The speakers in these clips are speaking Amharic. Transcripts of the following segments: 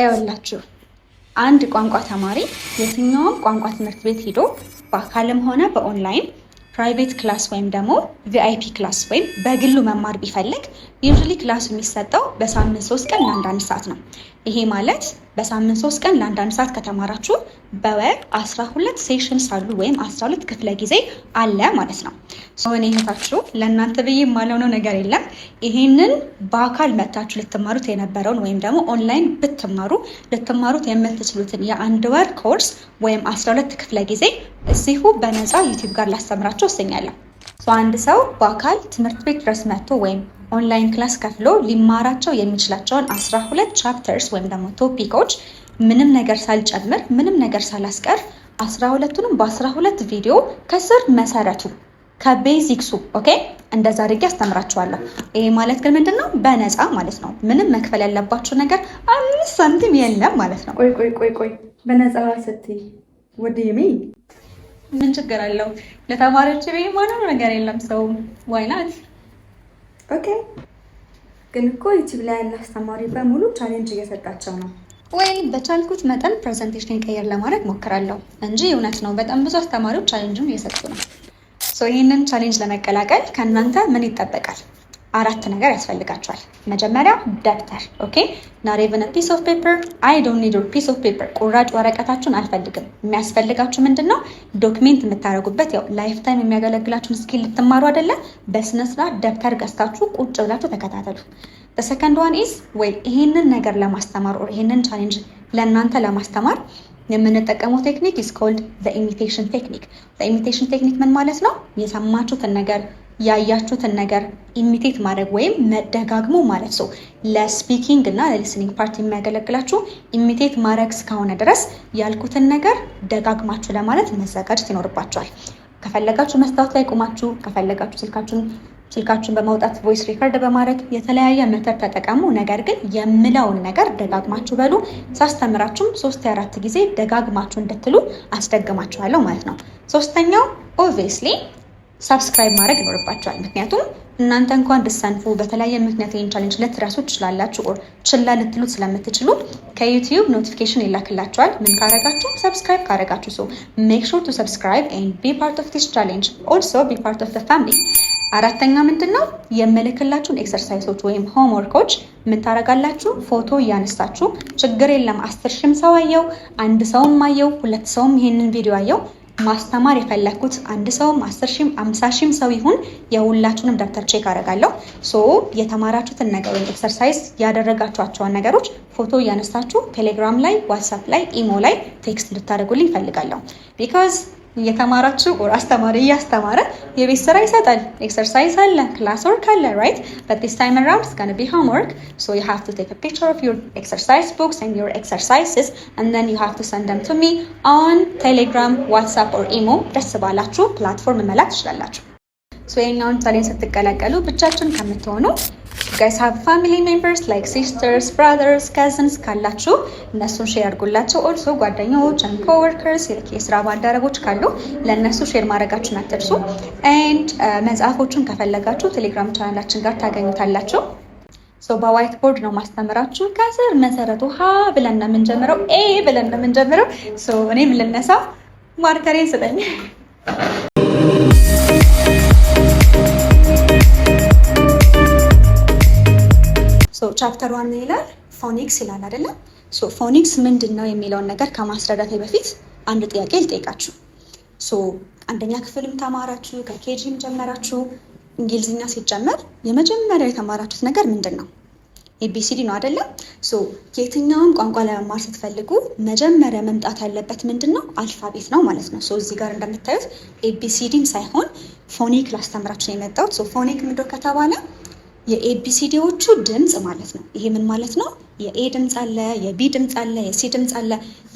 አይወላችሁ አንድ ቋንቋ ተማሪ የትኛውም ቋንቋ ትምህርት ቤት ሄዶ በአካልም ሆነ በኦንላይን ፕራይቬት ክላስ ወይም ደግሞ ቪአይፒ ክላስ ወይም በግሉ መማር ቢፈልግ ዩዥሊ ክላሱ የሚሰጠው በሳምንት ሶስት ቀን ለአንዳንድ ሰዓት ነው። ይሄ ማለት በሳምንት ሶስት ቀን ለአንዳንድ ሰዓት ከተማራችሁ በወር አስራ ሁለት ሴሽንስ አሉ ወይም አስራ ሁለት ክፍለ ጊዜ አለ ማለት ነው። ሆነ ይህታችሁ ለእናንተ ብዬ የማልሆነው ነገር የለም። ይሄንን በአካል መታችሁ ልትማሩት የነበረውን ወይም ደግሞ ኦንላይን ብትማሩ ልትማሩት የምትችሉትን የአንድ ወር ኮርስ ወይም አስራ ሁለት ክፍለ ጊዜ እዚሁ በነፃ ዩቲዩብ ጋር ላስተምራችሁ ወስኛለሁ። አንድ ሰው በአካል ትምህርት ቤት ድረስ መጥቶ ወይም ኦንላይን ክላስ ከፍሎ ሊማራቸው የሚችላቸውን አስራ ሁለት ቻፕተርስ ወይም ደግሞ ቶፒኮች ምንም ነገር ሳልጨምር ምንም ነገር ሳላስቀር አስራ ሁለቱንም በአስራ ሁለት ቪዲዮ ከስር መሰረቱ ከቤዚክሱ ኦኬ እንደዛ አድርጌ አስተምራችኋለሁ። ይሄ ማለት ግን ምንድን ነው? በነፃ ማለት ነው። ምንም መክፈል ያለባችሁ ነገር አምስት ሳንቲም የለም ማለት ነው። ቆይ ቆይ ቆይ ቆይ በነፃ ስትይ ወድሜ ምን ችግር አለው? ለተማሪዎች ቤ ማንም ነገር የለም ሰው ዋይናት ኦኬ። ግን እኮ ዩቲዩብ ላይ ያለ አስተማሪ በሙሉ ቻሌንጅ እየሰጣቸው ነው። ወይ በቻልኩት መጠን ፕሬዘንቴሽን ቀየር ለማድረግ ሞክራለሁ እንጂ እውነት ነው በጣም ብዙ አስተማሪዎች ቻሌንጅም እየሰጡ ነው። ሶ ይህንን ቻሌንጅ ለመቀላቀል ከእናንተ ምን ይጠበቃል? አራት ነገር ያስፈልጋቸዋል። መጀመሪያ ደብተር ኦኬ፣ ናት ፒስ ኦፍ ፔፐር አይ ዶንት ኒድ ፒስ ኦፍ ፔፐር፣ ቁራጭ ወረቀታችሁን አልፈልግም። የሚያስፈልጋችሁ ምንድን ነው? ዶክሜንት የምታደርጉበት ያው ላይፍ ታይም የሚያገለግላችሁን ስኪል ልትማሩ አይደለ? በስነስርዓት ደብተር ገዝታችሁ ቁጭ ብላችሁ ተከታተሉ። ሰከንድ ዋን ኢዝ ወይ ይሄንን ነገር ለማስተማር ኦር ይሄንን ቻሌንጅ ለእናንተ ለማስተማር የምንጠቀመው ቴክኒክ ኢስ ኮልድ ዘ ኢሚቴሽን ቴክኒክ። ዘ ኢሚቴሽን ቴክኒክ ምን ማለት ነው? የሰማችሁትን ነገር ያያችሁትን ነገር ኢሚቴት ማድረግ ወይም መደጋግሞ ማለት ሰው ለስፒኪንግ እና ለሊስኒንግ ፓርት የሚያገለግላችሁ ኢሚቴት ማድረግ እስከሆነ ድረስ ያልኩትን ነገር ደጋግማችሁ ለማለት መዘጋጀት ይኖርባችኋል። ከፈለጋችሁ መስታወት ላይ ቁማችሁ፣ ከፈለጋችሁ ስልካችሁን ስልካችሁን በማውጣት ቮይስ ሪከርድ በማድረግ የተለያየ መተር ተጠቀሙ። ነገር ግን የምለውን ነገር ደጋግማችሁ በሉ። ሳስተምራችሁም ሶስት የአራት ጊዜ ደጋግማችሁ እንድትሉ አስደግማችኋለሁ ማለት ነው። ሶስተኛው ኦብቪየስሊ ሳብስክራይብ ማድረግ ይኖርባቸዋል። ምክንያቱም እናንተ እንኳን ብሰንፉ በተለያየ ምክንያት ይህን ቻሌንጅ ልትረሱ ትችላላችሁ፣ ኦር ችላ ልትሉት ስለምትችሉ ከዩቲዩብ ኖቲፊኬሽን ይላክላችኋል። ምን ካረጋችሁ? ሰብስክራይብ ካረጋችሁ። ሶ ሜክ ሹር ቱ ሰብስክራይብ ኤንድ ቢ ፓርት ኦፍ ቲስ ቻሌንጅ ኦልሶ ቢ ፓርት ኦፍ ፋሚሊ። አራተኛ ምንድን ነው የምልክላችሁን ኤክሰርሳይሶች ወይም ሆምወርኮች ምን ፎቶ እያነሳችሁ ችግር የለም አስር ሺህም ሰው አየው፣ አንድ ሰውም አየው፣ ሁለት ሰውም ይሄንን ቪዲዮ አየው ማስተማር የፈለግኩት አንድ ሰውም አስር ሺም አምሳ ሺም ሰው ይሁን የሁላችሁንም ደብተር ቼክ አደርጋለሁ። ሶ የተማራችሁትን ነገር ወይም ኤክሰርሳይዝ ያደረጋችኋቸውን ነገሮች ፎቶ እያነሳችሁ ቴሌግራም ላይ፣ ዋትሳፕ ላይ፣ ኢሞ ላይ ቴክስት እንድታደርጉልኝ ይፈልጋለሁ ቢካዝ እየተማራችሁ ኦር አስተማሪ እያስተማረ የቤት ስራ ይሰጣል። ኤክሰርሳይዝ አለ፣ ክላስ ወርክ አለ። ራይት በት ዲስ ታይም አራውንድ ኢትስ ጋና ቢ ሆምወርክ ሶ ዩ ሃቭ ቱ ቴክ አ ፒክቸር ኦፍ ዩር ኤክሰርሳይዝ ቡክስ ኤንድ ዩር ኤክሰርሳይዝስ ኤንድ ዘን ዩ ሃቭ ቱ ሰንድ ደም ቱ ሚ ኦን ቴሌግራም፣ ዋትስአፕ ኦር ኢሞ ደስ ባላችሁ ፕላትፎርም መላክ ትችላላችሁ። ሶ የኛውን ቻሌንጅ ስትቀላቀሉ ብቻችሁን ከምትሆኑ ጋይስ ሀብ ፋሚሊ ሜምበርስ ላይክ ሲስተርስ ብራዘርስ ከዝንስ ካላችሁ እነሱን ሼር አድርጉላቸው። ኦልሶ ጓደኛዎች አንድ ኮወርከርስ የስራ ባልደረቦች ካሉ ለእነሱ ሼር ማድረጋችሁን አትርሱ። ኤንድ uh, መጽሐፎችን ከፈለጋችሁ ቴሌግራም ቻናላችን ጋር ታገኙታላችሁ። ሶ በዋይት ቦርድ ነው ማስተምራችሁ። ከስር መሰረቱ ሀ ብለን ነው የምንጀምረው፣ ኤ ብለን ነው የምንጀምረው። እኔም ልነሳ ማርከሬን ስጠኝ። ቻፕተር ዋን ይላል ፎኒክስ ይላል አይደለም። ሶ ፎኒክስ ምንድን ነው የሚለውን ነገር ከማስረዳት በፊት አንድ ጥያቄ ልጠይቃችሁ። ሶ አንደኛ ክፍልም ተማራችሁ ከኬጂም ጀመራችሁ እንግሊዝኛ ሲጀመር የመጀመሪያ የተማራችሁት ነገር ምንድን ነው? ኤቢሲዲ ነው አይደለም። ሶ የትኛውን ቋንቋ ለመማር ስትፈልጉ መጀመሪያ መምጣት ያለበት ምንድን ነው? አልፋቤት ነው ማለት ነው። ሶ እዚህ ጋር እንደምታዩት ኤቢሲዲም ሳይሆን ፎኒክ ላስተምራችሁ ነው የመጣሁት። ሶ ፎኒክ ምንድን ከተባለ የኤቢሲዲዎቹ ድምፅ ማለት ነው። ይሄ ምን ማለት ነው? የኤ ድምፅ አለ፣ የቢ ድምፅ አለ፣ የሲ ድምፅ አለ።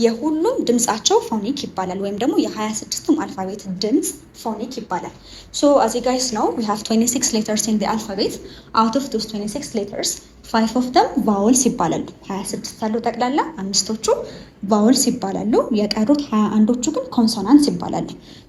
የሁሉም ድምፃቸው ፎኒክ ይባላል፣ ወይም ደግሞ የ26ቱም አልፋቤት ድምፅ ፎኒክ ይባላል። ሶ አዚ ጋይስ ነው ዊ ሃቭ 26 ሌተርስ ኢን አልፋቤት አውት ኦፍ ዶስ 26 ሌተርስ ፋይቭ ኦፍ ደም ቫውልስ ይባላሉ። 26 ያሉ ጠቅላላ አምስቶቹ ቫውልስ ይባላሉ። የቀሩት 21ዶቹ ግን ኮንሶናንስ ይባላሉ።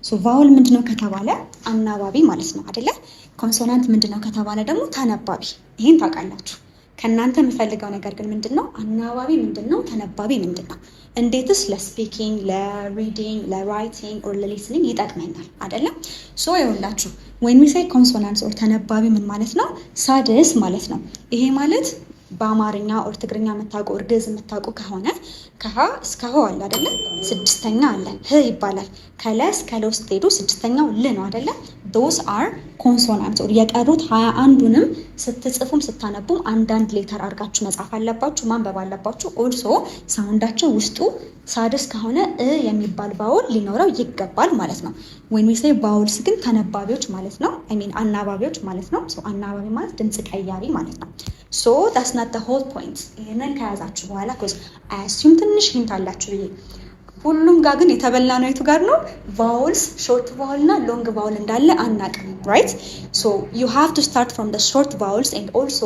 ሶ ቫውል ምንድነው ከተባለ አናባቢ ማለት ነው አይደለም ኮንሶናንት ምንድን ነው ከተባለ ደግሞ ተነባቢ፣ ይህን ታውቃላችሁ። ከእናንተ የምፈልገው ነገር ግን ምንድን ነው? አናባቢ ምንድን ነው? ተነባቢ ምንድን ነው? እንዴትስ ለስፒኪንግ፣ ለሪዲንግ፣ ለራይቲንግ ኦር ለሊስኒንግ ይጠቅመኛል? አይደለም ሶ ይኸውላችሁ ወይን ዊ ኮንሶናንስ ኦር ተነባቢ ምን ማለት ነው? ሳድስ ማለት ነው። ይሄ ማለት በአማርኛ ኦር ትግርኛ የምታውቁ እርግዝ የምታውቁ ከሆነ ከሀ እስከ ሆ አለ አደለ? ስድስተኛ አለ ህ ይባላል። ከለ እስከ ለ ውስጥ ሄዱ ስድስተኛው ል ነው አደለ? ዶስ አር ኮንሶናንት ኦር የቀሩት ሀያ አንዱንም ስትጽፉም ስታነቡም አንዳንድ ሌተር አድርጋችሁ መጻፍ አለባችሁ፣ ማንበብ አለባችሁ። ኦልሶ ሳውንዳቸው ውስጡ ሳድስ ከሆነ እ የሚባል ባውል ሊኖረው ይገባል ማለት ነው። ወይም ሴ ባውልስ ግን ተነባቢዎች ማለት ነው፣ አናባቢዎች ማለት ነው። አናባቢ ማለት ድምፅ ቀያሪ ማለት ነው። ሶ ዳስ ናት ሆል ፖይንት። ይህንን ከያዛችሁ በኋላ ኮዝ አያስዩም ትንሽ ሂንት አላችሁ ብዬ ሁሉም ጋር ግን የተበላ ነው። የቱ ጋር ነው? ቫውልስ ሾርት ቫውል እና ሎንግ ቫውል እንዳለ አናቅም። ራይት ሶ ዩ ሃቭ ቱ ስታርት ፍሮም ሾርት ቫውልስ ኤንድ ኦልሶ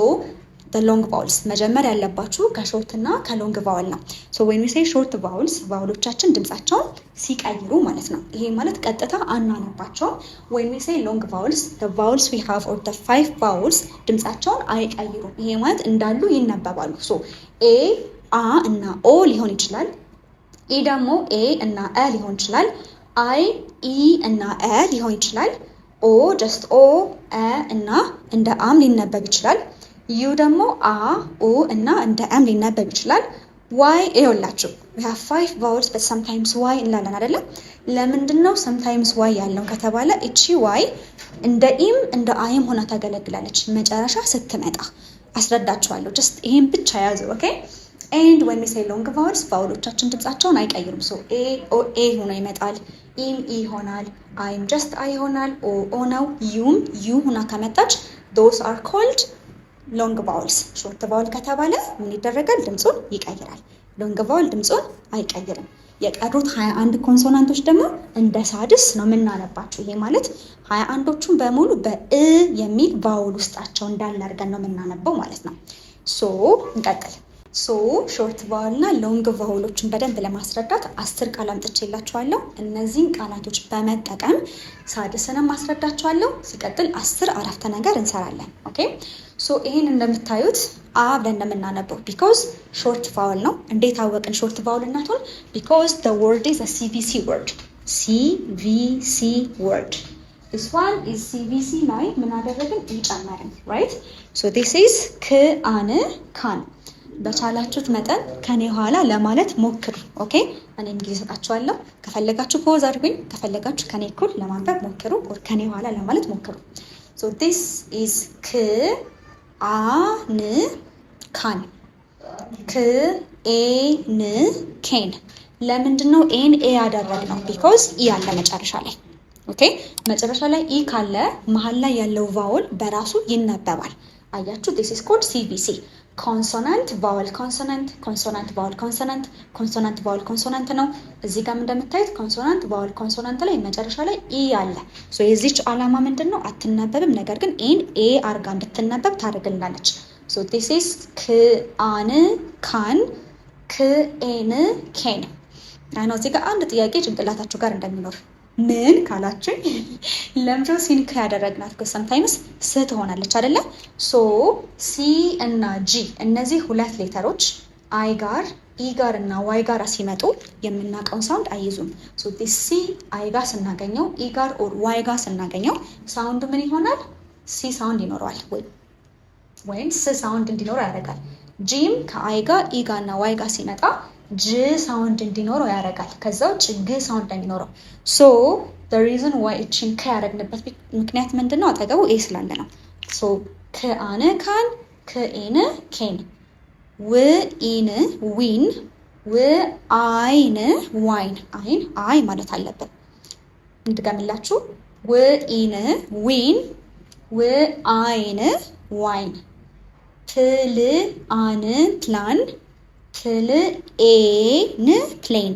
ሎንግ ቫውልስ መጀመር ያለባችሁ ከሾርት እና ከሎንግ ቫውል ነው። ወይም ሴ ሾርት ቫውልስ ቫውሎቻችን ድምጻቸውን ሲቀይሩ ማለት ነው። ይሄ ማለት ቀጥታ አናነባቸውም። ወይም ሴ ሎንግ ቫውልስ ቫውልስ ዊ ሃቭ ኦር ፋይቭ ቫውልስ ድምጻቸውን አይቀይሩም። ይሄ ማለት እንዳሉ ይነበባሉ። ኤ አ እና ኦ ሊሆን ይችላል። ኢ ደግሞ ኤ እና አ ሊሆን ይችላል። አይ ኢ e እና አ ሊሆን ይችላል። ኦ ጀስት ኦ እና እንደ አም ሊነበብ ይችላል። ዩ ደግሞ አ ኡ እና እንደ ኤም ሊነበብ ይችላል። ዋይ ይኸውላችሁ ዊ have ፋይቭ ቫውልስ በት sometimes ዋይ እንላለን አይደለም። ለምንድን ነው sometimes ዋይ ያለው ከተባለ እቺ ዋይ እንደ ኢም እንደ አይም ሆና ታገለግላለች መጨረሻ ስትመጣ አስረዳችኋለሁ። ጀስት ይሄን ብቻ ያዙ ኦኬ። ኤንድ ወይም ሴ ሎንግ ቫውልስ ቫውሎቻችን ድምጻቸውን አይቀይሩም። ሶ ኤ ኦ ኤ ሆኖ ይመጣል። ኢም ኢ ይሆናል። አይም ጀስት አይ ይሆናል። ኦ ኦ ነው። ዩም ዩ ሆና ከመጣች ዶስ አር ኮልድ ሎንግ ቫውልስ ሾርት ቫውል ከተባለ ምን ይደረጋል? ድምፁን ይቀይራል። ሎንግ ቫውል ድምፁን አይቀይርም። የቀሩት 21 አንድ ኮንሶናንቶች ደግሞ እንደ ሳድስ ነው የምናነባቸው። ይሄ ማለት 21 አንዶቹን በሙሉ በእ የሚል ቫውል ውስጣቸው እንዳለ አድርገን ነው የምናነበው ማለት ነው። ሶ እንቀጥል። ሶ ሾርት ቫውል እና ሎንግ ቫውሎችን በደንብ ለማስረዳት አስር ቃል አምጥቼላችኋለሁ። እነዚህን ቃላቶች በመጠቀም ሳድስንም ማስረዳችኋለሁ። ሲቀጥል አስር አረፍተ ነገር እንሰራለን። ኦኬ ሶ ይህን እንደምታዩት አ ብለን እንደምናነበው ቢኮዝ ሾርት ቫውል ነው። እንዴት አወቅን ሾርት ቫውል እናቱን? ቢኮዝ ደ ወርድ ኢዝ ሲቪሲ ወርድ ሲቪሲ ወርድ ስዋን ኢዝ ሲቪሲ ላይ ምን አደረግን? እንጨመርን ራይት ሶ ዲስ ኢዝ ክአን ካን በቻላችሁት መጠን ከኔ ኋላ ለማለት ሞክሩ። ኦኬ እኔም ጊዜ ሰጣችኋለሁ። ከፈለጋችሁ ፖዝ አድርጉኝ፣ ከፈለጋችሁ ከኔ እኩል ለማንበብ ሞክሩ፣ ከኔ ኋላ ለማለት ሞክሩ። ሶ ዲስ ኢዝ ክ አ ን ካን ክ ኤ ን ኬን። ለምንድን ነው ኤን ኤ ያደረግነው? ቢኮዝ ኢ አለ መጨረሻ ላይ ኦኬ መጨረሻ ላይ ኢ ካለ መሀል ላይ ያለው ቫውል በራሱ ይነበባል። አያችሁ ዲስ ኢዝ ኮልድ ሲቢሲ ኮንሶናንት ቫወል ኮንሶናንት ኮንሶናንት ቫወል ኮንሶናንት ኮንሶናንት ቫወል ኮንሶናንት ነው። እዚህ ጋር እንደምታዩት ኮንሶናንት ቫወል ኮንሶናንት ላይ መጨረሻ ላይ ኢ አለ። ሶ የዚች አላማ ምንድን ነው? አትነበብም፣ ነገር ግን ኢን ኤ አርጋ እንድትነበብ ታደርግልናለች። ሶ ዲስ ኢዝ ክአን ካን ክኤን ኬን። አይ ነው እዚህ ጋር አንድ ጥያቄ ጭንቅላታችሁ ጋር እንደሚኖር ምን ካላችን ለምንድን ሲንክ ያደረግናት ከያደረግናት? ሰምታይምስ ስ ትሆናለች አደለ ሶ ሲ እና ጂ እነዚህ ሁለት ሌተሮች አይ ጋር ኢ ጋር እና ዋይ ጋር ሲመጡ የምናውቀውን ሳውንድ አይይዙም። ሶ ሲ አይ ጋር ስናገኘው ኢ ጋር ኦር ዋይ ጋር ስናገኘው ሳውንድ ምን ይሆናል? ሲ ሳውንድ ይኖረዋል ወይም ስ ሳውንድ እንዲኖር ያደርጋል። ጂም ከአይ ጋር ኢ ጋር እና ዋይ ጋር ሲመጣ ጅ ሳውንድ እንዲኖረው ያደርጋል። ከዛ ውጭ ግ ሳውንድ እንዲኖረው ሶ ሪዝን ዋይ እችን ከ ያደረግንበት ምክንያት ምንድን ነው? አጠገቡ ኤ ስላለ ነው። ሶ ከአነ ካን ከኤነ ኬን ውኢን ዊን ውአይን ዋይን አይን አይ ማለት አለብን። እንድገምላችሁ ውኢን ዊን ውአይን ዋይን ፕል አን ፕላን ፕልኤን ፕሌን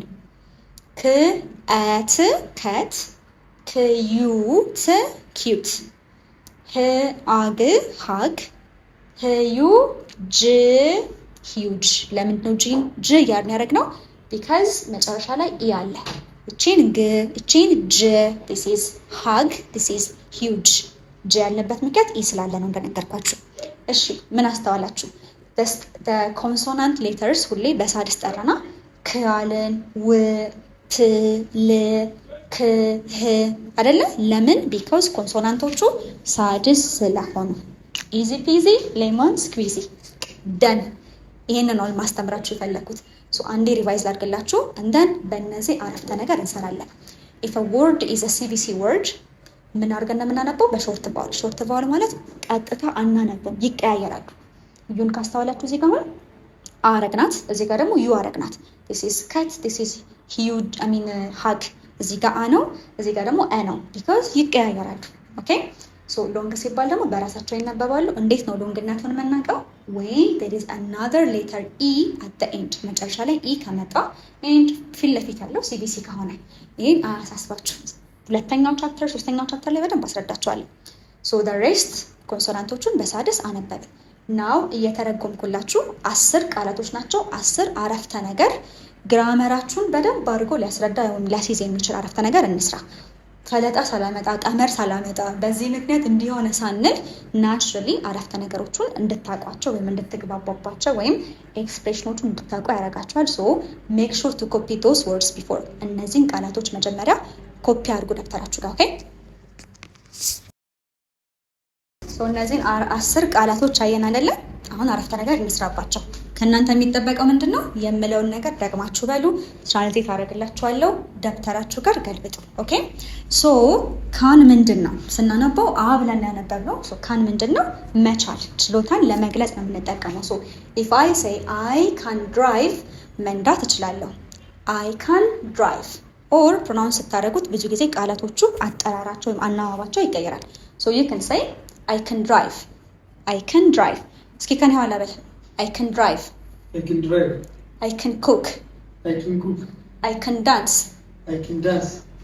ክአት ከት ክዩት ኪዩት ህአግ ሀግ ህዩ ጅ ሂዩጅ። ለምንድን ነው ጂን ጅ እያልን ያደረግነው? ቢካዝ መጨረሻ ላይ ኢ አለ። እቺን ግ እቺን ጅ ዲስ ኢዝ ሀግ ዲስ ኢዝ ሂዩጅ። ጅ ያልንበት ምክንያት ኢ ስላለ ነው እንደነገርኳችሁ። እሺ ምን አስተዋላችሁ? ኮንሶናንት ሌተርስ ሁሌ በሳድስ ጠረና ክያልን ው ት ል ክ ህ አይደለ? ለምን ቢኮዝ ኮንሶናንቶቹ ሳድስ ስለሆኑ። ኢዚ ፒዚ ሌሞን ስኩዊዚ ደን። ይህንን ነው ማስተምራችሁ የፈለግኩት። አንዴ ሪቫይዝ ላድርግላችሁ እንደን በእነዚህ አረፍተ ነገር እንሰራለን። ኢፍ ወርድ ኢዝ ሲቪሲ ወርድ ምን አድርገን ነው የምናነበው? በሾርት ቫውል። ሾርት ቫውል ማለት ቀጥታ አናነብም፣ ይቀያየራሉ ዩን ካስተዋላችሁ እዚህ ጋር አረግናት፣ እዚህ ጋር ደግሞ ዩ አረግናት። ዲስ ኢዝ ከት፣ ዲስ ኢዝ አይ ሚን ሀግ። እዚህ ጋር አ ነው፣ እዚህ ጋር ደግሞ አ ነው። ቢካዝ ይቀያየራሉ። ኦኬ ሶ ሎንግ ሲባል ደግሞ በራሳቸው ይነበባሉ። እንዴት ነው ሎንግነቱን የምናውቀው? ዌን ዜር ኢዝ አናዘር ሌተር ኢ አት ኤንድ መጨረሻ ላይ ኢ e ከመጣ ኤንድ ፊት ለፊት ያለው ሲቢሲ ከሆነ ይህን አያሳስባችሁ። ሁለተኛው ቻፕተር ሶስተኛው ቻፕተር ላይ በደንብ አስረዳቸዋለሁ። ሶ ደ ሬስት ኮንሶናንቶቹን በሳድስ አነበብን። ናው እየተረጎምኩላችሁ አስር ቃላቶች ናቸው። አስር አረፍተ ነገር ግራመራችሁን በደንብ አድርጎ ሊያስረዳ ወይም ሊያስይዝ የሚችል አረፍተ ነገር እንስራ። ፈለጣ ሳላመጣ ቀመር ሳላመጣ በዚህ ምክንያት እንዲሆነ ሳንል ናቹራሊ አረፍተ ነገሮቹን እንድታቋቸው ወይም እንድትግባባባቸው ወይም ኤክስፕሬሽኖቹን እንድታውቁ ያደርጋቸዋል። ሶ ሜክ ሹር ቱ ኮፒ ዶስ ወርድስ ቢፎር እነዚህን ቃላቶች መጀመሪያ ኮፒ አድርጉ ደብተራችሁ ጋር ኦኬ ሰው እነዚህን አስር ቃላቶች አየን አይደለ? አሁን አረፍተ ነገር እንስራባቸው። ከእናንተ የሚጠበቀው ምንድን ነው? የምለውን ነገር ደግማችሁ በሉ። ትራንስሌት አደርግላችኋለሁ። ደብተራችሁ ጋር ገልብጡ። ኦኬ። ሶ ካን ምንድን ነው? ስናነበው አ ብለን ያነበብነው። ካን ምንድን ነው? መቻል፣ ችሎታን ለመግለጽ ነው የምንጠቀመው። ሶ ኢፍ አይ ሴይ አይ ካን ድራይቭ፣ መንዳት እችላለሁ። አይ ካን ድራይቭ ኦር ፕሮናውንስ ስታደረጉት ብዙ ጊዜ ቃላቶቹ አጠራራቸው ወይም አናባባቸው ይቀየራል። ሶ ዩ ሴይ አይ ከን ድራይቭ አይ ከን ድራይቭ። እስኪ ከኔ ኋላ በል። አይ ከን ድራይቭ አይ ከን ኩክ አይ ከን ዳንስ።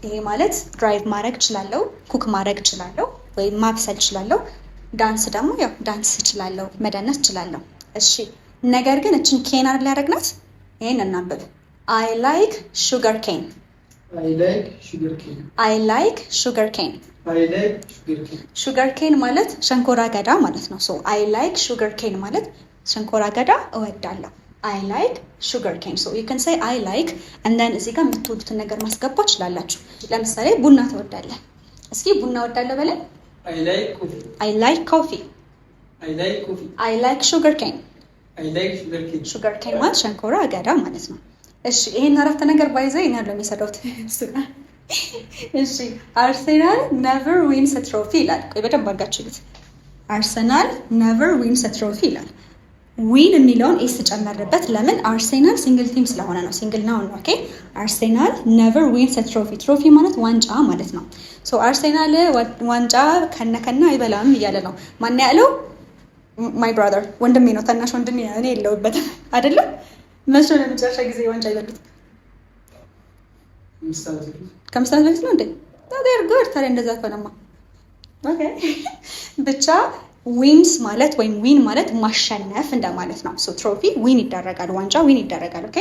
ይሄ ማለት ድራይቭ ማድረግ እችላለሁ፣ ኩክ ማድረግ እችላለሁ ወይም ማብሰል እችላለሁ። ዳንስ ደግሞ ያው ዳንስ እችላለሁ፣ መደነስ እችላለሁ። እሺ ነገር ግን እችን ኬን አይደል ያደረግናት? ይሄን እናንብብ። አይ ላይክ ሹገር ኬን አይ ላይክ ሹገር ኬን አይ ሹገር ኬን ማለት ሸንኮራ አገዳ ማለት ነው። ሶ አይ ላይክ ሹገር ኬን ማለት ሸንኮራ አገዳ እወዳለሁ። አይ ላይክ ሹገር ኬን ሶ ዩ ካን ሴይ አይ ላይክ እንደን እዚህ ጋር የምትወዱትን ነገር ማስገባ ትችላላችሁ። ለምሳሌ ቡና ትወዳለህ። እስኪ ቡና እወዳለሁ በለን። አይ ላይክ ኮፊ። አይ ላይክ ሹገር ኬን። ሹገር ኬን ማለት ሸንኮራ አገዳ ማለት ነው። እሺ ይሄን አረፍተ ነገር ባይዘ ይናለ የሚሰራው እሺ አርሴናል ነቨር ዊንስ ትሮፊ ይላል። ቆይ በደንብ አድርጋችሁት። አርሰናል ነቨር ዊንስ ትሮፊ ይላል። ዊን የሚለውን ኤስ ተጨመረበት። ለምን? አርሴናል ሲንግል ቲም ስለሆነ ነው። ሲንግል ናውን ነው። ኦኬ አርሴናል ነቨር ዊንስ ትሮፊ። ትሮፊ ማለት ዋንጫ ማለት ነው። ሶ አርሴናል ዋንጫ ከነከና አይበላም እያለ ነው። ማን ያለው? ማይ ብራዘር ወንድሜ ነው። ታናሽ ወንድሜ እኔ የለውበትም አይደለም። መቼ ነው ለመጨረሻ ጊዜ ዋንጫ ይበሉት? ከምስት ዓመት በፊት ነው እንዴ? ጎድ ታዲያ እንደዛ ከሆነማ ብቻ ዊንስ ማለት ወይም ዊን ማለት ማሸነፍ እንደማለት ነው። ሶ ትሮፊ ዊን ይደረጋል፣ ዋንጫ ዊን ይደረጋል። ኦኬ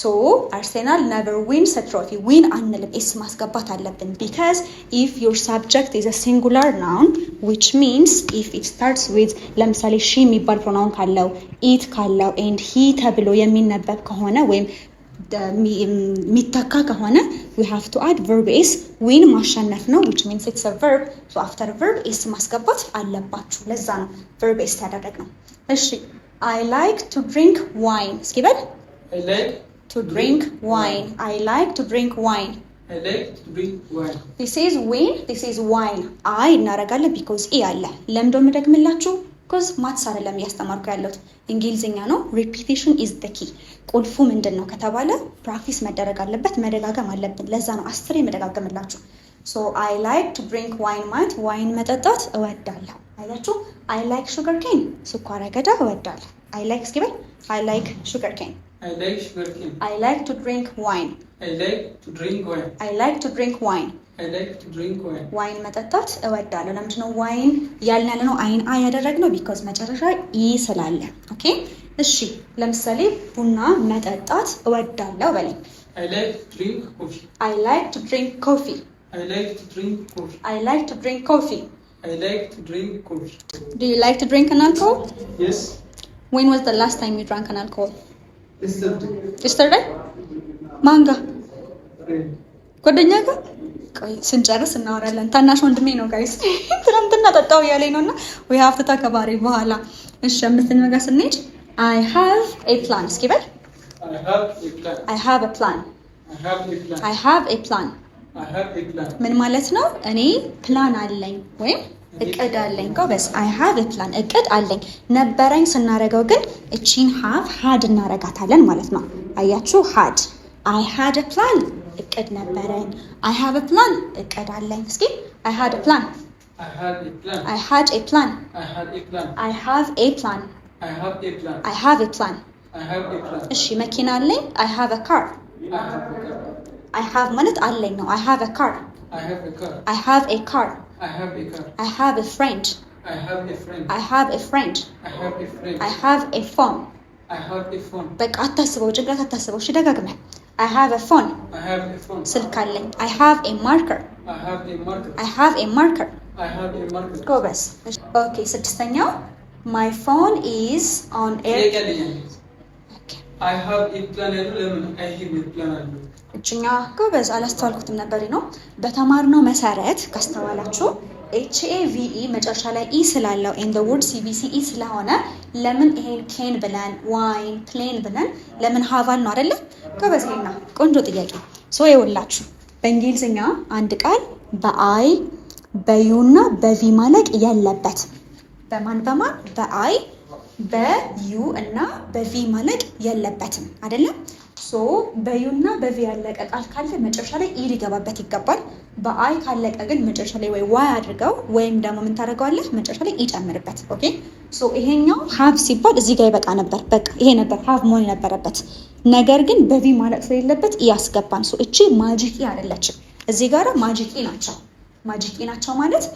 ሶ አርሴናል ነቨር ዊንስ ትሮፊ ዊን አንልም፣ ኤስ ማስገባት አለብን። ቢካዝ ኢፍ ዮር ሳብጀክት ኢዝ ሲንጉላር ናውን ዊች ሚንስ ኢፍ ኢት ስታርትስ ዊዝ ለምሳሌ ሺ የሚባል ፕሮናውን ካለው ኢት ካለው ኤንድ ሂ ተብሎ የሚነበብ ከሆነ ወይም የሚተካ ከሆነ we have to add verb s win ማሸነፍ ነው which means it's a verb so after verb s ማስገባት አለባችሁ። ለዛ ነው verb s ያደረግ ነው። እሺ I like to drink wine እስኪ በል I like to drink wine I like to drink wine I like to drink wine this is win this is wine I እናደርጋለን because e አለ ለምዶ ምደግምላችሁ ኮዝ ማትስ አይደለም እያስተማርኩ ያለሁት እንግሊዝኛ ነው። ሪፒቴሽን ኢዝ ዘ ኪ። ቁልፉ ምንድን ነው ከተባለ ፕራክቲስ መደረግ አለበት፣ መደጋገም አለብን። ለዛ ነው አስር የመደጋገምላችሁ። ሶ አይ ላይክ ቱ ድሪንክ ዋይን ማለት ዋይን መጠጣት እወዳለሁ። አይላችሁ አይ ላይክ ሹገር ኬን፣ ስኳር አገዳ እወዳለሁ። አይ ላይክ እስኪ በል አይ ላይክ ሹገር ኬን አይ ላይክ ቱ ድሪንክ ዋይን ዋይን መጠጣት እወዳለሁ። ለምንድን ነው ዋይን ያልን ያለ ነው? አይን አይ ያደረግነው ቢኮዝ መጨረሻ ኢ ስላለ። ኦኬ እሺ፣ ለምሳሌ ቡና መጠጣት እወዳለሁ በለኝ። አይ ላይክ ቱ ድሪንክ ኮፊ። አይ ላይክ ቱ ድሪንክ ኮፊ። ዱ ዩ ላይክ ቱ ድሪንክ አን አልኮል? ዌን ዋዝ ዘ ላስት ታይም ዩ ድራንክ አን አልኮል? ማን ጋር? ጓደኛ ጋር ስንጨርስ እናወራለን። ታናሽ ወንድሜ ነው ጋይስ፣ ትናንትና ጠጣው እያለኝ ነው እና ወይ ሀፍትታ ከባሬ በኋላ እሺ፣ የምትለው ጋር ስንሄድ አይ ሃቭ ኤ ፕላን እስኪ በል። አይ ሃቭ ኤ ፕላን፣ አይ ሃቭ ኤ ፕላን ምን ማለት ነው? እኔ ፕላን አለኝ ወይም እቅድ አለኝ። ጎበዝ። አይ ሃቭ ኤ ፕላን እቅድ አለኝ። ነበረኝ ስናረገው ግን እቺን ሃቭ ሃድ እናረጋታለን ማለት ነው። አያችሁ? ሃድ አይ ሃድ ኤ ፕላን እቅድ ነበረኝ። አይ ሃቭ ፕላን እቅድ አለኝ። እስኪ አይ ሃድ ፕላን አይ ሃድ ፕላን አይ ሃቭ ፕላን አይ ሃቭ ፕላን። እሺ መኪና አለኝ። አይ ሃቭ ኤ ካር። አይ ሃቭ ማለት አለኝ ነው። አይ ሃቭ ኤ ካር አይ ሃቭ ካር አይ ሃቭ ፍሬንድ አይ ሃቭ ፍሬንድ አይ ሃቭ ፎን። በቃ አታስበው፣ ጭንቅላት አታስበው። እሺ ደጋግመህ አይ ሃቭ ኤ ፎን ስልክ አለኝ። አይ ሃቭ ኤ ማርከር አይ ሃቭ ኤ ማርከር። ጎበዝ። ኦኬ ስድስተኛው ማይ ፎን ኢዝ ኦን ኤር። እችኛ ጎበዝ፣ አላስተዋልኩትም ነበር ነው። በተማርነው መሰረት ካስተዋላችሁ ኤችኤቪኢ e መጨረሻ ላይ ኢ e ስላለው ኤን ደ ወርድ ሲቢሲ ኢ ስለሆነ ለምን ይሄን ኬን ብለን ዋይን ፕሌን ብለን ለምን ሀቫል ነው አይደለም? ጎበዜና ቆንጆ ጥያቄ። ሶ የውላችሁ በእንግሊዝኛ አንድ ቃል በአይ በዩና በቪ ማለቅ የለበት። በማን በማን? በአይ በዩ እና በቪ ማለቅ የለበትም አይደለም። ሶ በዩና በቪ ያለቀ ቃል ካለ መጨረሻ ላይ ኢ ሊገባበት ይገባል። በአይ ካለቀ ግን መጨረሻ ላይ ወይ ዋይ አድርገው ወይም ደግሞ ምን ታደርገዋለህ መጨረሻ ላይ ይጨምርበት። ኦኬ ሶ ይሄኛው ሀቭ ሲባል እዚህ ጋር ይበቃ ነበር። በቃ ይሄ ነበር ሀቭ መሆን የነበረበት ነገር ግን በቪ ማለቅ ስለሌለበት እያስገባን ሶ እቺ ማጂቂ አይደለችም። እዚህ ጋር ማጂቂ ናቸው። ማጂቂ ናቸው ማለት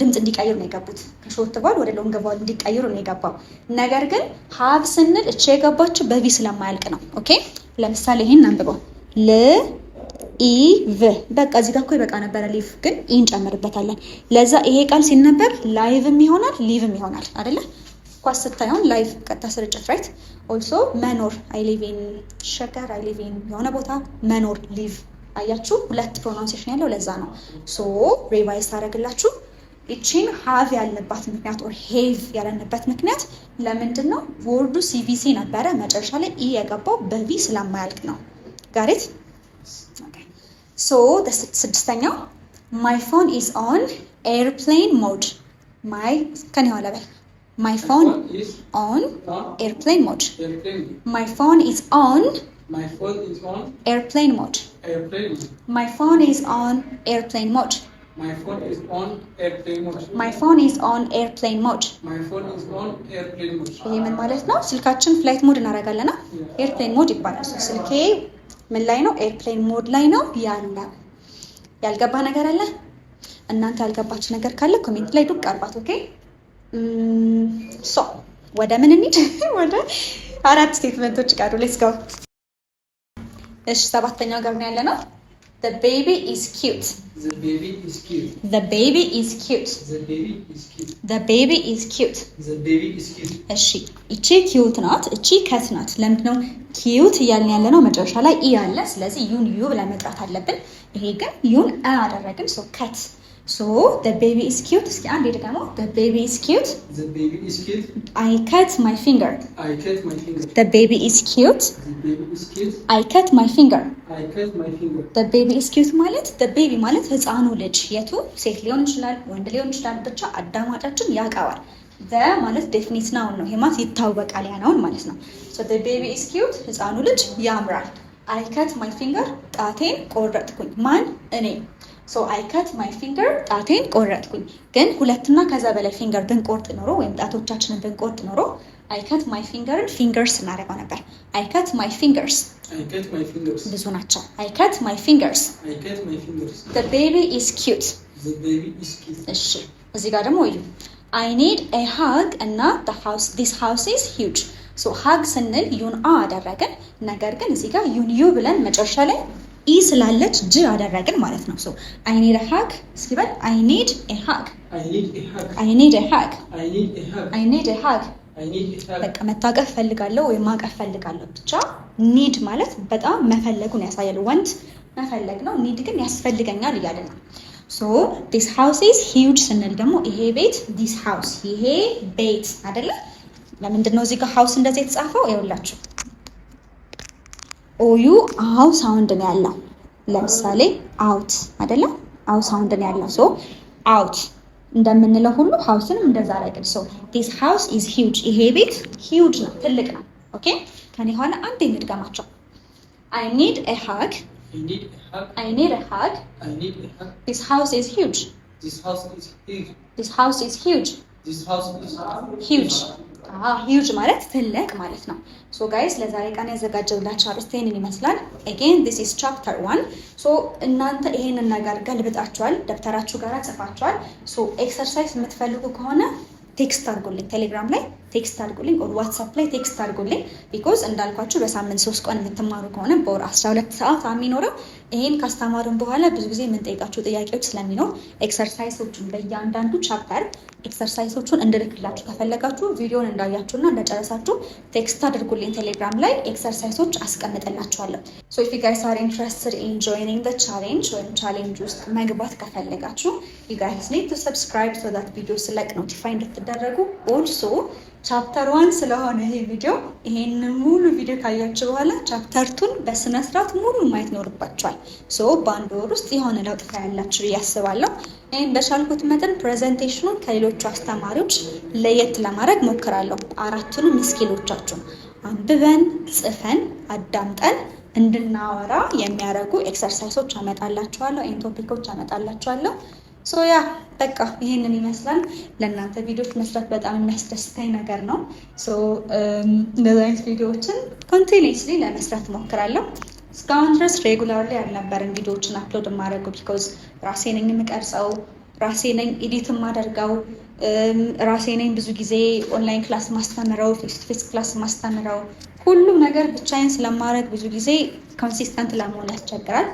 ድምፅ እንዲቀይሩ ነው የገቡት። ከሾርት ቫል ወደ ሎንግ ቫል እንዲቀይሩ ነው የገባው። ነገር ግን ሀብ ስንል እቺ የገባችው በቪ ስለማያልቅ ነው። ኦኬ ለምሳሌ ይሄን አንብበው ል ኢቭ በቃ እዚህ ጋር እኮ ይበቃ ነበረ ሊቭ፣ ግን እንጨምርበታለን። ለዛ ይሄ ቃል ሲነበር ላይቭም ይሆናል ሊቭም ይሆናል አይደለ? ኳስ ስታይሆን ላይቭ ቀጥታ ስርጭት ራይት። ኦልሶ መኖር አይሊቪን ሸገር አይሊቪን የሆነ ቦታ መኖር ሊቭ አያችሁ፣ ሁለት ፕሮናንሴሽን ያለው ለዛ ነው። ሶ ሪቫይዝ ታደረግላችሁ ይቺን ሀቭ ያልንባት ምክንያት ኦር ሄቭ ያለንበት ምክንያት ለምንድን ነው? ወርዱ ሲቪሲ ነበረ፣ መጨረሻ ላይ ኢ e የገባው በቪ ስለማያልቅ ነው። ጋሪት ሶ ስድስተኛው ማይ ፎን ኢዝ ኦን ኤርፕሌን ሞድ። ማይ ከኔ ኋላ በል ማይ ፎን ኦን ኤርፕሌን ሞድ። ማይ ፎን ኢዝ ኦን ኤርፕሌን ሞድ። ማይ ፎን ኢዝ ኦን ኤርፕሌን ሞድ My phone is on airplane mode. My phone is on airplane mode. My phone is on airplane mode. ይሄ ምን ማለት ነው? ስልካችን ፍላይት ሞድ እናደርጋለን ኤርፕሌን ሞድ ይባላል። ስልኬ ምን ላይ ነው? ኤርፕሌን ሞድ ላይ ነው ያለ። ያልገባ ነገር አለ? እናንተ ያልገባችሁ ነገር ካለ ኮሜንት ላይ ዱቅ አርባት። ኦኬ ሶ ወደ ምን እንሂድ? ወደ አራት ስቴትመንቶች ቀሩ። ሌትስ ጎ። እሺ ሰባተኛው ጋር ነው ያለ ነው The baby is cute. The baby is cute. The baby is cute. The baby is cute. The baby is cute. The baby is cute. እሺ እቺ ኪዩት ናት፣ እቺ ከት ናት። ለምንድን ነው ኪዩት እያልን ያለ ነው? መጨረሻ ላይ ኢ አለ። ስለዚህ ዩን ዩ ብለን መጥራት አለብን። ይሄ ግን ዩን አ አደረግን። ሶ ከት ሶ ዘ ቤቢ ኢዝ ኪዩት። እስኪ አንዴ ደግሞ ዘ ቤቢ ኢዝ ኪዩት አይ ከት ማይ ፊንገር። ዘ ቤቢ ኢዝ ኪዩት አይ ከት ማይ ፊንገር። ዘ ቤቢ ኢዝ ኪዩት ማለት ዘ ቤቢ ማለት ህፃኑ ልጅ የቱ ሴት ሊሆን ይችላል ወንድ ሊሆን ይችላል፣ ብቻ አዳማጫችን ያውቀዋል። ዘ ማለት ዴፊኒት ናውን ነው ሄማት ይታወቃል፣ ያ ማለት ነው። ሶ ዘ ቤቢ ኢዝ ኪዩት ህፃኑ ልጅ ያምራል። አይ ከት ማይ ፊንገር ጣቴን ቆረጥኩኝ። ማን እኔ ሶ አይ ከት ማይ ፊንገር ጣቴን ቆረጥኩኝ። ግን ሁለትና ከዛ በላይ ፊንገር ብንቆርጥ ኖሮ ወይም ጣቶቻችንን ብንቆርጥ ኖሮ አይ ከት ማይ ፊንገርን ፊንገርስ እናደርገው ነበር። አይ ከት ማይ ፊንገርስ ብዙ ናቸው። አይ ከት ማይ ፊንገርስ ቤቢ ኢዝ ኪዩት። እሺ እዚህ ጋር ደግሞ እዩ። አይ ኒድ ኤ ሀግ እና ዲስ ሃውስ ኢዝ ሂውጅ። ሀግ ስንል ዩን አ አደረግን፣ ነገር ግን እዚህ ጋር ዩን ዩ ብለን መጨረሻ ላይ ኢ ስላለች ጅ አደረግን ማለት ነው። ሶ አይ ኒድ ኤ እስኪበል አይ ኒድ ኤ ሃግ አይ ኒድ ኤ ሃግ አይ ኒድ ሃግ። በቃ መታቀፍ ፈልጋለሁ ወይም ማቀፍ ፈልጋለሁ። ብቻ ኒድ ማለት በጣም መፈለጉን ያሳያል። ወንት መፈለግ ነው። ኒድ ግን ያስፈልገኛል እያለ ነው። ሶ ዲስ ሃውስ ኢዝ ሂውጅ ስንል ደግሞ ይሄ ቤት ዲስ ሃውስ ይሄ ቤት አይደለ? ለምንድን ነው እዚህ ጋር ሃውስ እንደዚህ የተጻፈው? ይኸውላችሁ ኦዩ አው ሳውንድ ነው ያለው። ለምሳሌ አውት አይደለ? አው ሳውንድ ነው ያለው። ሶ አውት እንደምንለው ሁሉ ሃውስንም እንደዛ ላይ ሶ ዲስ ሃውስ ኢዝ ሂውጅ፣ ይሄ ቤት ሂውጅ ነው ትልቅ ነው። ኦኬ ከኔ ሆነ አንድ እንድገማቸው። አይ ኒድ ኤ ሃግ፣ አይ ኒድ ኤ ሃግ፣ ዲስ ሃውስ ኢዝ ሂውጅ፣ ዲስ ሃውስ ኢዝ ሂውጅ፣ ሂውጅ ሂውጅ ማለት ትልቅ ማለት ነው። ሶ ጋይስ ለዛሬ ቀን ያዘጋጀውላችሁ አርዕስት ይመስላል። አጌን ዚስ ቻፕተር ዋን። ሶ እናንተ ይሄንን ነገር ገልብጣችኋል፣ ደብተራችሁ ጋር ጽፋችኋል። ሶ ኤክሰርሳይዝ የምትፈልጉ ከሆነ ቴክስት አድርጉልኝ፣ ቴሌግራም ላይ ቴክስት አድርጉልኝ፣ ኦር ዋትሳፕ ላይ ቴክስት አድርጉልኝ። ቢኮዝ እንዳልኳችሁ በሳምንት ሶስት ቀን የምትማሩ ከሆነ በወር 12 ሰዓት የሚኖረው ይሄን ካስተማርን በኋላ ብዙ ጊዜ የምንጠይቃቸው ጥያቄዎች ስለሚኖር ኤክሰርሳይሶቹን በእያንዳንዱ ቻፕተር ኤክሰርሳይሶቹን እንድልክላችሁ ከፈለጋችሁ ቪዲዮን እንዳያችሁና እንደጨረሳችሁ ቴክስት አድርጉልኝ ቴሌግራም ላይ ኤክሰርሳይሶች አስቀምጠላችኋለሁ። ሶ ኢፍ ዩ ጋይስ አር ኢንትረስትድ ኢን ጆይኒንግ ዘ ቻሌንጅ ወይም ቻሌንጅ ውስጥ መግባት ከፈለጋችሁ ዩ ጋይስ ኒድ ቱ ሰብስክራይብ ሶ ዛት ቪዲዮ ስለቅ ኖቲፋይ እንድትደረጉ ኦልሶ ቻፕተር ዋን ስለሆነ ይሄ ቪዲዮ ይሄን ሙሉ ቪዲዮ ካያችሁ በኋላ ቻፕተር ቱን በስነ ስርዓት ሙሉ ማየት ይኖርባችኋል። ሶ በአንድ ወር ውስጥ የሆነ ለውጥ ታያላችሁ ብዬ አስባለሁ። ይህም በቻልኩት መጠን ፕሬዘንቴሽኑን ከሌሎቹ አስተማሪዎች ለየት ለማድረግ ሞክራለሁ። አራቱንም ስኪሎቻችሁን አንብበን ጽፈን አዳምጠን እንድናወራ የሚያደርጉ ኤክሰርሳይሶች አመጣላችኋለሁ፣ ኢንቶፒኮች አመጣላችኋለሁ። ሶያ በቃ ይሄንን ይመስላል። ለእናንተ ቪዲዮዎች መስራት በጣም የሚያስደስተኝ ነገር ነው። እንደዚ አይነት ቪዲዮዎችን ኮንቲኒስሊ ለመስራት እሞክራለሁ። እስካሁን ድረስ ሬጉላር ላይ አልነበረን ቪዲዮዎችን አፕሎድ የማደርገው ቢኮዝ ራሴ ነኝ የምቀርጸው፣ ራሴ ነኝ ኢዲት የማደርገው፣ ራሴ ነኝ ብዙ ጊዜ ኦንላይን ክላስ ማስተምረው፣ ፌስ ቱ ፌስ ክላስ ማስተምረው፣ ሁሉም ነገር ብቻዬን ስለማድረግ ብዙ ጊዜ ኮንሲስተንት ለመሆን ያስቸግራል።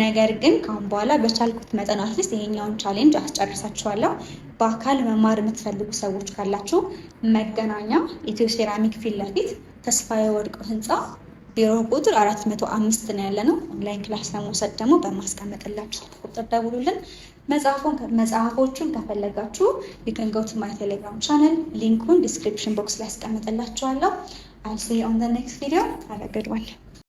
ነገር ግን ከአሁን በኋላ በቻልኩት መጠን አትሊስት ይሄኛውን ቻሌንጅ አስጨርሳችኋለሁ። በአካል መማር የምትፈልጉ ሰዎች ካላችሁ መገናኛ ኢትዮ ሴራሚክ ፊት ለፊት ተስፋዬ ወርቁ ህንፃ ቢሮ ቁጥር አራት መቶ አምስት ነው ያለ ነው። ኦንላይን ክላስ ለመውሰድ ደግሞ በማስቀመጥላችሁ ቁጥር ደውሉልን። መጽሐፎቹን ከፈለጋችሁ የገንገውት ማ ቴሌግራም ቻነል ሊንኩን ዲስክሪፕሽን ቦክስ ላይ ያስቀምጥላችኋለሁ። አልሲ ኦን ኔክስት ቪዲዮ አረገድዋል